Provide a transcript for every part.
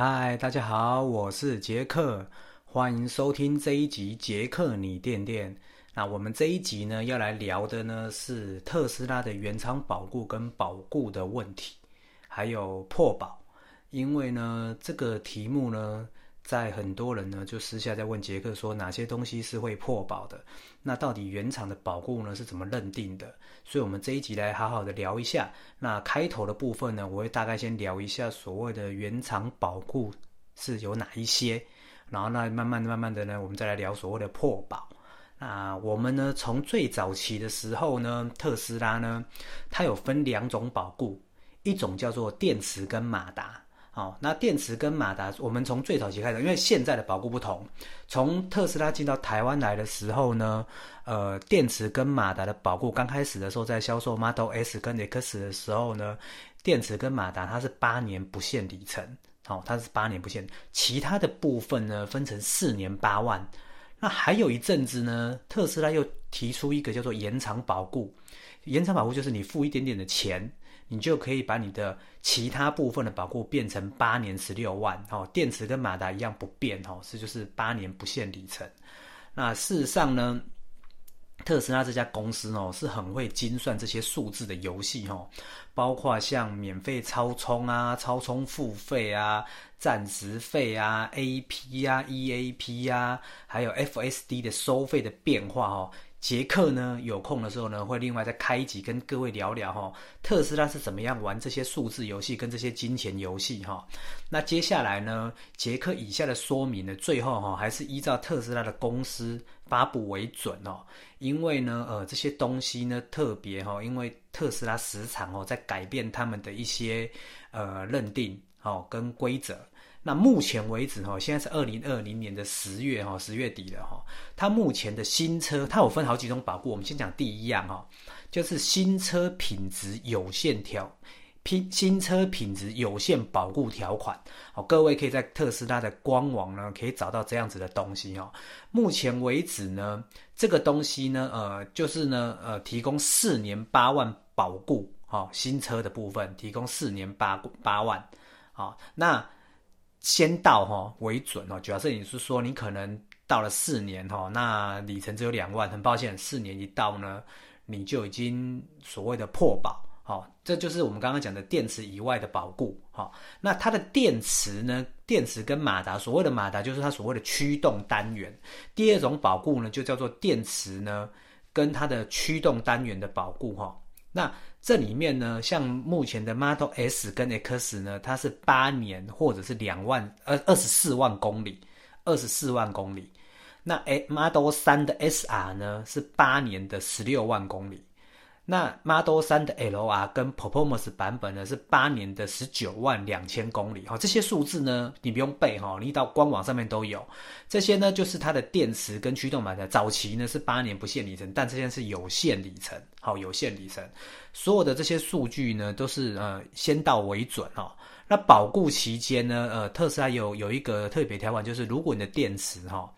嗨，Hi, 大家好，我是杰克，歡迎收聽這一集《杰克你電電》。那我們這一集呢，要來聊的呢是特斯拉的原廠保固跟保固的問題，還有破保。因為呢，這個題目呢。在，很多人呢，就私下在問杰克說，哪些東西是會破保的？那到底原廠的保固呢，是怎麼認定的？所以，我們這一集來好好的聊一下。那開頭的部分呢，我會大概先聊一下所謂的原廠保固是有哪一些，然後那慢慢慢慢的呢，我們再來聊所謂的破保。那我們呢，從最早期的時候呢，特斯拉呢，它有分兩種保固，一種叫做電池跟馬達。好、哦，那電池跟馬達，我們從最早期開始，因為現在的保固不同。從特斯拉進到台灣來的時候呢，呃，電池跟馬達的保固剛開始的時候，在銷售 Model S 跟 X 的時候呢，電池跟馬達它是八年不限里程，好、哦，它是八年不限。其他的部分呢，分成四年八萬。那還有一陣子呢，特斯拉又提出一個叫做延長保固，延長保固就是你付一點點的錢。你就可以把你的其他部分的保固變成八年十六萬哦，電池跟馬達一樣不變哦，這就是八年不限里程。那事實上呢，特斯拉這家公司呢，是很會精算這些數字的遊戲，哦，包括像免費超充啊、超充付費啊、暫時費啊、A P 啊、E A P 啊，還有 F S D 的收費的變化哦。杰克呢有空的時候呢，會另外再開一集跟各位聊聊哈、哦，特斯拉是怎麼樣玩這些數字遊戲跟這些金錢遊戲哈、哦。那接下來呢，杰克以下的說明呢，最後哈、哦，還是依照特斯拉的公司發布為準哦，因為呢呃這些東西呢特別哈、哦，因為特斯拉時常哦在改變他們的一些呃認定哦跟規則。那目前為止哈，現在是二零二零年的十月哈，十月底了哈。它目前的新車，它有分好幾種保固。我們先講第一樣哈，就是新車品質有限條，新新車品質有限保固條款。好，各位可以在特斯拉的官網呢，可以找到這樣子的東西哈。目前為止呢，這個東西呢，呃，就是呢，呃，提供四年八萬保固，新車的部分提供四年八八萬，哦，那。先到哈、哦、為準、哦、主要是你是說你可能到了四年哈、哦，那里程只有兩萬，很抱歉，四年一到呢，你就已經所謂的破保哈、哦，這就是我們剛剛講的電池以外的保固哈、哦。那它的電池呢，電池跟馬達，所謂的馬達就是它所謂的驅動單元，第二種保固呢就叫做電池呢跟它的驅動單元的保固哈。哦那這裡面呢，像目前的 Model S 跟 X 呢，它是八年或者是兩萬呃二十四萬公里，二十四萬公里。那 Model 三的 S R 呢，是八年的十六萬公里。那 Model 3的 LR 跟 Performance 版本呢，是八年的十九萬兩千公里，哈、哦，這些數字呢，你不用背哈、哦，你到官網上面都有。這些呢，就是它的電池跟驅動版的，早期呢是八年不限里程，但這些是有限里程，好，有限里程。所有的這些數據呢，都是呃先到為準哦。那保固期間呢，呃，特斯拉有有一個特別條款，就是如果你的電池哈。哦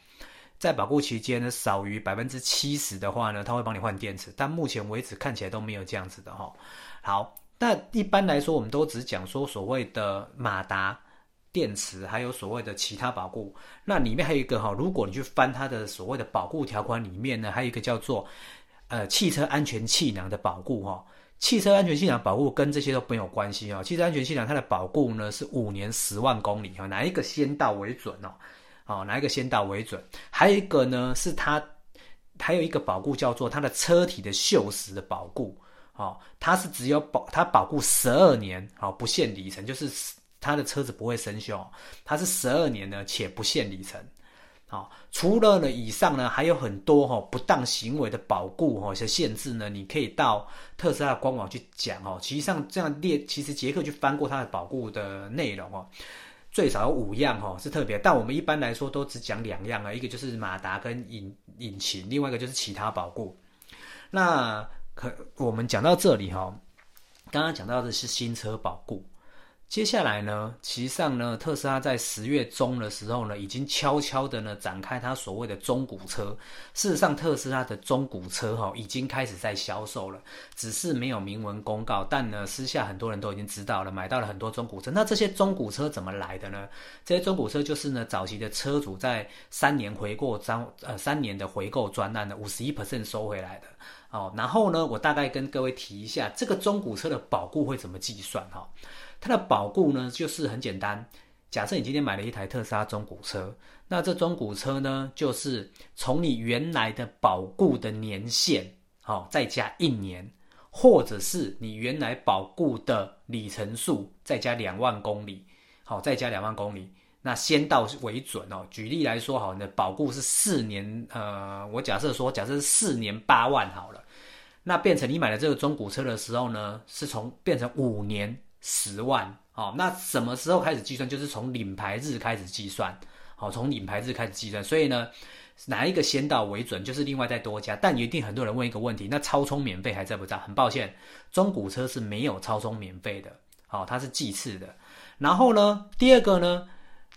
在保固期間呢，少於百分之七十的話呢，它會幫你換電池。但目前為止看起來都沒有這樣子的哈、哦。好，那一般來說我們都只講說所謂的馬達、電池，還有所謂的其他保固。那裡面還有一個哈、哦，如果你去翻它的所謂的保固條款裡面呢，還有一個叫做呃汽車安全氣囊的保固哈、哦。汽車安全氣囊保固跟這些都沒有關係啊、哦。汽車安全氣囊它的保固呢是五年十萬公里哈，哪一個先到為準哦？哦，哪一個先到為準？還有一個呢，是它，還有一個保固叫做它的車體的鏽蝕的保固。哦，它是只有保它保固十二年，哦，不限里程，就是它的車子不會生鏽，它是十二年呢且不限里程。哦，除了呢以上呢，還有很多哈、哦、不當行為的保固哈、哦、一些限制呢，你可以到特斯拉的官網去講哦。其實上這樣列，其實傑克去翻過它的保固的內容哦。最少有五樣哈，是特別，但我們一般來說都只講兩樣啊，一個就是馬達跟引引擎，另外一個就是其他保固。那可我們講到這裡哈，剛剛講到的是新車保固。接下來呢，其實上呢，特斯拉在十月中的時候呢，已經悄悄地呢展開它所謂的中古車。事實上，特斯拉的中古車哈、哦、已經開始在銷售了，只是沒有明文公告，但呢，私下很多人都已經知道了，買到了很多中古車。那這些中古車怎麼來的呢？這些中古車就是呢，早期的車主在三年回購專呃三年的回購專案的五十一 percent 收回來的。好，然後呢，我大概跟各位提一下，這個中古車的保固會怎麼計算？哈，它的保固呢，就是很簡單，假設你今天買了一台特斯拉中古車，那這中古車呢，就是從你原來的保固的年限，好，再加一年，或者是你原來保固的里程數，再加兩萬公里，好，再加兩萬公里。那先到為準哦。舉例來說，好，你的保固是四年，呃，我假設說，假設是四年八萬好了。那變成你買了這個中古車的時候呢，是從變成五年十萬，好，那什麼時候開始計算？就是從領牌日開始計算，好，從領牌日開始計算。所以呢，哪一個先到為準？就是另外再多加。但一定很多人問一個問題，那超充免費還在不在？很抱歉，中古車是沒有超充免費的，好，它是計次的。然後呢，第二個呢？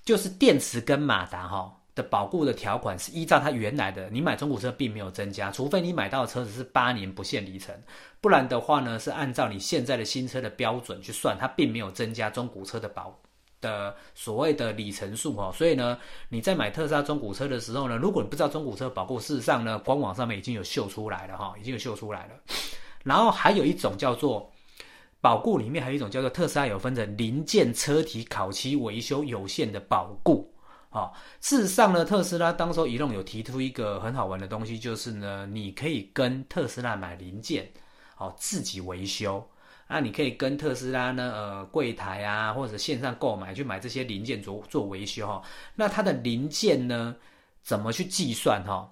就是電池跟馬達哈的保固的條款是依照它原來的，你買中古車並沒有增加，除非你買到的車子是八年不限里程，不然的話呢是按照你現在的新車的標準去算，它並沒有增加中古車的保的所謂的里程數哦，所以呢你在買特斯拉中古車的時候呢，如果你不知道中古車保固，事實上呢官網上面已經有秀出來了哈，已經有秀出來了，然後還有一種叫做。保固裡面還有一種叫做特斯拉有分成零件、車體、烤漆維修有限的保固。啊、哦，事實上呢，特斯拉當初已經有提出一個很好玩的東西，就是呢，你可以跟特斯拉買零件，哦，自己維修。那、啊、你可以跟特斯拉呢，呃，櫃台啊，或者線上購買去買這些零件做做維修哈、哦。那它的零件呢，怎麼去計算哈？哦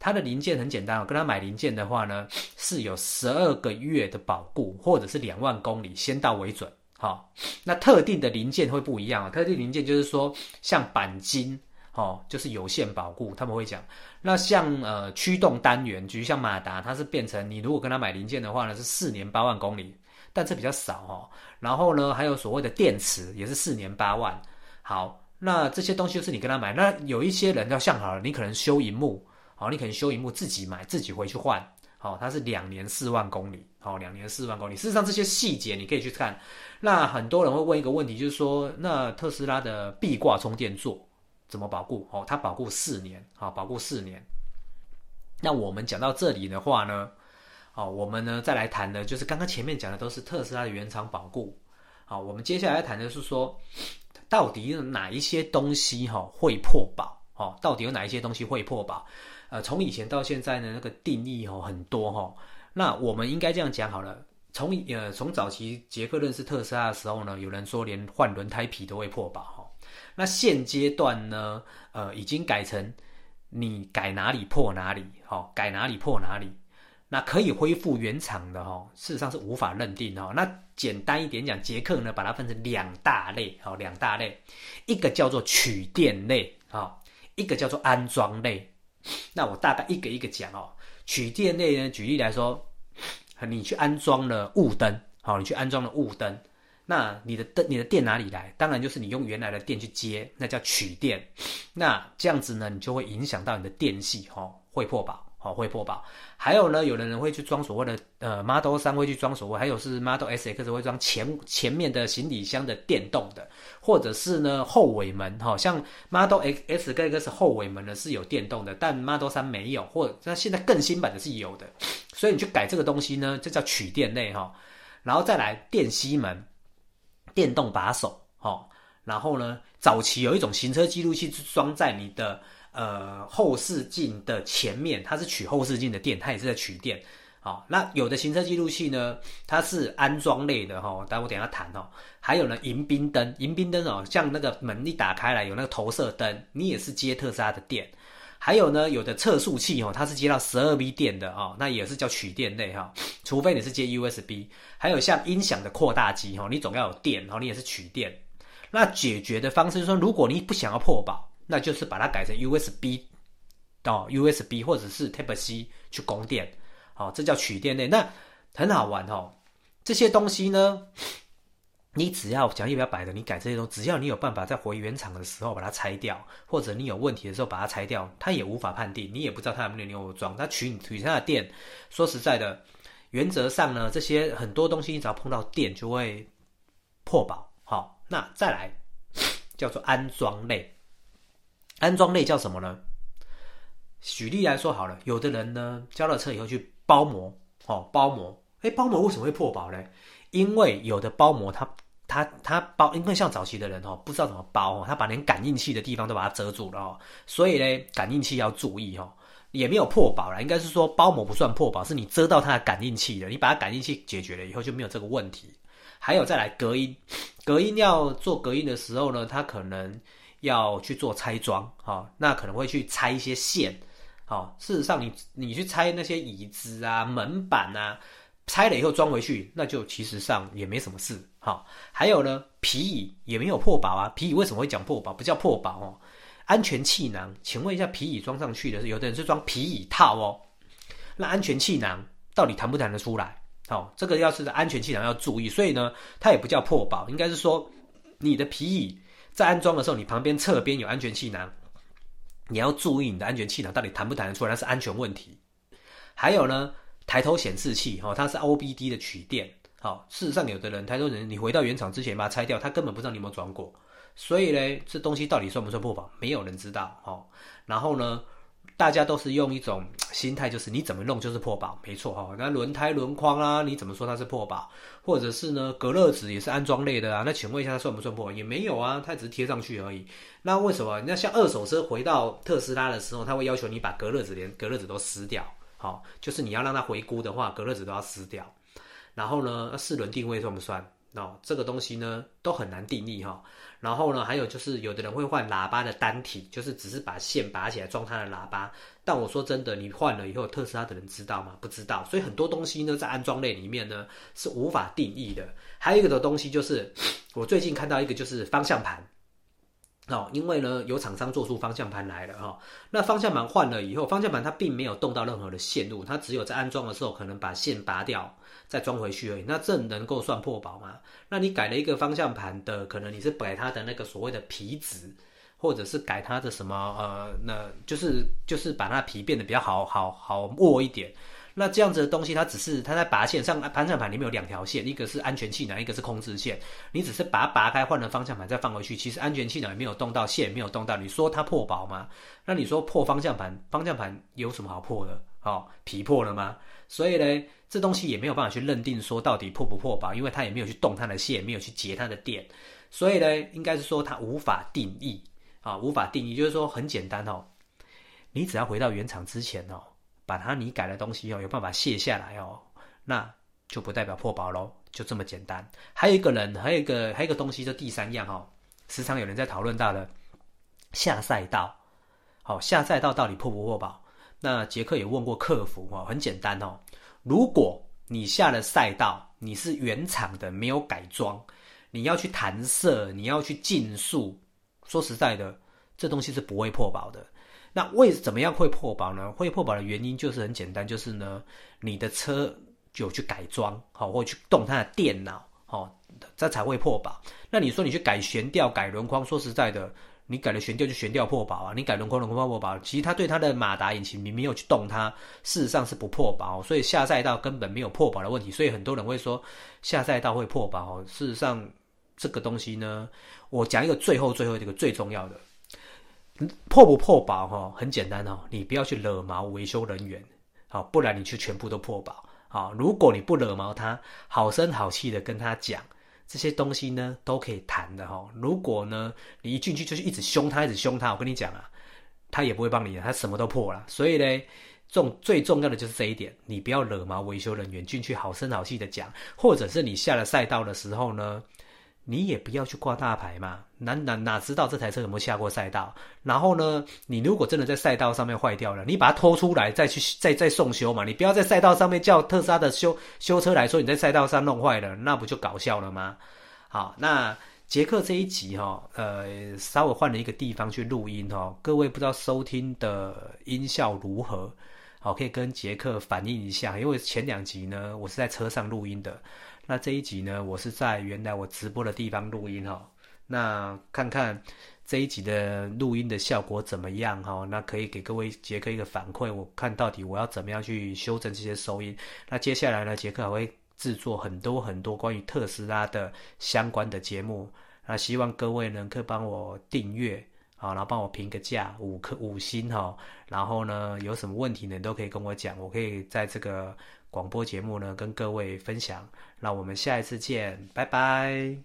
它的零件很簡單哦，跟他買零件的話呢，是有十二個月的保固，或者是兩萬公里，先到為準。好、哦，那特定的零件會不一樣哦，特定零件就是說像鈑金哦，就是有限保固，他們會講。那像呃驅動單元，比如像馬達，它是變成你如果跟他買零件的話呢，是四年八萬公里，但這比較少哈、哦。然後呢，還有所謂的電池也是四年八萬。好，那這些東西就是你跟他買。那有一些人要向好了，你可能修螢幕。好，你可能修螢幕，自己買自己回去換。好、哦，它是兩年四萬公里。好、哦，兩年四萬公里。事實上，這些細節你可以去看。那很多人會問一個問題，就是說，那特斯拉的壁掛充電座怎麼保固？好、哦、它保固四年。好、哦，保固四年。那我們講到這裡的話呢，好、哦、我們呢再來談的，就是剛剛前面講的都是特斯拉的原廠保固。好，我們接下來要談的是說，到底有哪一些東西哈、哦、會破保？好、哦、到底有哪一些東西會破保？呃，從以前到現在呢，那個定義哈、很多哈。那我們應該這樣講好了。從呃從早期傑克認識特斯拉的時候呢，有人說連換輪胎皮都會破保哈。那現階段呢，呃，已經改成你改哪裡破哪裡，哈，改哪裡破哪裡。那可以恢復原廠的哈，事實上是無法認定的哈。那簡單一點講，傑克呢把它分成兩大類，哈，兩大類，一個叫做取電類，哈，一個叫做安裝類。那我大概一個一個講哦，取電類呢，舉例來說，你去安裝了霧燈，好，你去安裝了霧燈，那你的燈、你的電哪裡來？當然就是你用原來的電去接，那叫取電。那這樣子呢，你就會影響到你的電器，哈，會破保。哦，會破保。還有呢，有的人會去裝所謂的呃 Model 三會去裝所謂，還有是 Model S X 會裝前前面的行李箱的電動的，或者是呢後尾門哈、哦，像 Model S 跟 X 後尾門呢是有電動的，但 Model 三沒有，或者那現在更新版的是有的，所以你去改這個東西呢，這叫取電類哈、哦，然後再來電吸門、電動把手哈、哦，然後呢早期有一種行車記錄器是裝在你的。呃，後視鏡的前面，它是取後視鏡的電，它也是在取電。好，那有的行車記錄器呢，它是安裝類的哈、哦，待會我等一下談哦。還有呢，迎賓燈，迎賓燈哦，像那個門一打開來有那個投射燈，你也是接特斯拉的電。還有呢，有的測速器哦，它是接到十二 V 電的哦，那也是叫取電類哈、哦。除非你是接 USB，還有像音響的擴大機哈、哦，你總要有電，然後你也是取電。那解決的方式就是說，如果你不想要破保。那就是把它改成 USB 到、哦、USB 或者是 Type C 去供電，好、哦，這叫取電類。那很好玩哦。這些東西呢，你只要講要不要擺的，你改這些東西，只要你有辦法在回原廠的時候把它拆掉，或者你有問題的時候把它拆掉，它也無法判定，你也不知道它有沒有裝。它取你取它的電。說實在的，原則上呢，這些很多東西，你只要碰到電就會破保。好、哦，那再來叫做安裝類。安裝類叫什麼呢？舉例來說好了，有的人呢，交了車以後去包膜，哦、喔，包膜，誒、欸、包膜為什麼會破保呢？因為有的包膜他，他他他包，因為像早期的人哦、喔，不知道怎麼包哦，他把連感應器的地方都把它遮住了哦、喔，所以呢，感應器要注意哦、喔，也沒有破保啦，應該是說包膜不算破保，是你遮到它的感應器了，你把它感應器解決了以後就沒有這個問題。還有再來隔音，隔音要做隔音的時候呢，它可能。要去做拆裝，哈、哦，那可能會去拆一些線，好、哦，事實上你你去拆那些椅子啊、門板啊，拆了以後裝回去，那就其實上也沒什麼事，哈、哦。還有呢，皮椅也沒有破保啊，皮椅為什麼會講破保？不叫破保哦，安全氣囊，請問一下，皮椅裝上去的是，有的人是裝皮椅套哦，那安全氣囊到底彈不彈得出來？好、哦，這個要是安全氣囊要注意，所以呢，它也不叫破保，應該是說你的皮椅。在安裝的時候，你旁邊側邊有安全氣囊，你要注意你的安全氣囊到底彈不彈得出來，那是安全問題。還有呢，抬頭顯示器，哈，它是 OBD 的取電，好、哦，事實上有的人抬頭人，你回到原廠之前把它拆掉，他根本不知道你有沒有裝過，所以呢，這東西到底算不算破保，沒有人知道，哦、然後呢？大家都是用一種心態，就是你怎麼弄就是破保，沒錯哈。那輪胎輪框啊，你怎麼說它是破保？或者是呢，隔熱紙也是安裝類的啊。那請問一下，它算不算破保？也沒有啊，它只是貼上去而已。那為什麼？那像二手車回到特斯拉的時候，它會要求你把隔熱紙連隔熱紙都撕掉，好，就是你要讓它回歸的話，隔熱紙都要撕掉。然後呢，四輪定位算不算？哦，這個東西呢，都很難定義哈。然後呢，還有就是有的人會換喇叭的單體，就是只是把線拔起來裝它的喇叭。但我說真的，你換了以後，特斯拉的人知道嗎？不知道。所以很多東西呢，在安裝類裡面呢是無法定義的。還有一個的東西就是，我最近看到一個就是方向盤，哦，因為呢有廠商做出方向盤來了哈、哦。那方向盤換了以後，方向盤它並沒有動到任何的線路，它只有在安裝的時候可能把線拔掉，再裝回去而已，那這能夠算破保嗎？那你改了一個方向盤的，可能你是改它的那個所謂的皮質，或者是改它的什麼呃，那就是就是把它皮變得比較好好好握一點。那這樣子的東西，它只是它在拔線像上，方向盤裡面有兩條線，一個是安全氣囊，一個是控制線。你只是把它拔開，換了方向盤再放回去，其實安全氣囊也沒有動到線，也沒有動到。你說它破保嗎？那你說破方向盤？方向盤有什麼好破的？好、哦、皮破了嗎？所以呢，這東西也沒有辦法去認定說到底破不破保，因為他也沒有去動他的線，也沒有去截他的電，所以呢，應該是說他無法定義啊、哦，無法定義，就是說很簡單哦，你只要回到原廠之前哦，把它你改的東西哦，有辦法卸下來哦，那就不代表破保嘍，就這麼簡單。還有一個人，還有一個還有一個東西，就第三樣哦，時常有人在討論到的下賽道，好、哦，下賽道到底破不破保？那傑克也問過客服哦，很簡單哦，如果你下了賽道，你是原廠的沒有改裝，你要去彈射，你要去競速，說實在的，這東西是不會破保的。那為怎麼樣會破保呢？會破保的原因就是很簡單，就是呢，你的車有去改裝，好，或去動它的電腦，哦，這才會破保。那你說你去改懸吊、改輪框，說實在的。你改了懸吊就懸吊破保啊，你改輪框輪框破破保、保，啊，其實它對它的馬達引擎明明沒有去動它，事實上是不破保哦，所以下賽道根本沒有破保的問題。所以很多人會說下賽道會破保哦，事實上這個東西呢，我講一個最後最後這個最重要的破不破保哈、哦，很簡單哈、哦，你不要去惹毛維修人員啊，不然你就全部都破保啊。如果你不惹毛他，好聲好氣的跟他講。這些東西呢，都可以談的齁。如果呢，你一進去就是一直凶他，一直凶他，我跟你講啊，他也不會幫你，他什麼都破了。所以呢，重最重要的就是這一點，你不要惹毛維修人員，進去好聲好氣的講，或者是你下了賽道的時候呢。你也不要去掛大牌嘛，哪哪哪知道這台車有沒有下過賽道？然後呢，你如果真的在賽道上面壞掉了，你把它拖出來再去再再送修嘛，你不要在賽道上面叫特斯拉的修修車來說你在賽道上弄壞了，那不就搞笑了嗎？好，那傑克這一集哈，呃，稍微換了一個地方去錄音哈，各位不知道收聽的音效如何，好，可以跟傑克反映一下，因為前兩集呢，我是在車上錄音的。那這一集呢，我是在原來我直播的地方錄音哈。那看看這一集的錄音的效果怎麼樣哈。那可以給各位杰克一個反饋，我看到底我要怎麼樣去修正這些收音。那接下來呢，杰克還會制作很多很多關於特斯拉的相關的節目。那希望各位呢，可以幫我訂閱啊，然後幫我評個價，五顆五星哈。然後呢，有什麼問題呢，都可以跟我講，我可以在這個。廣播節目呢，跟各位分享。那我們下一次見，拜拜。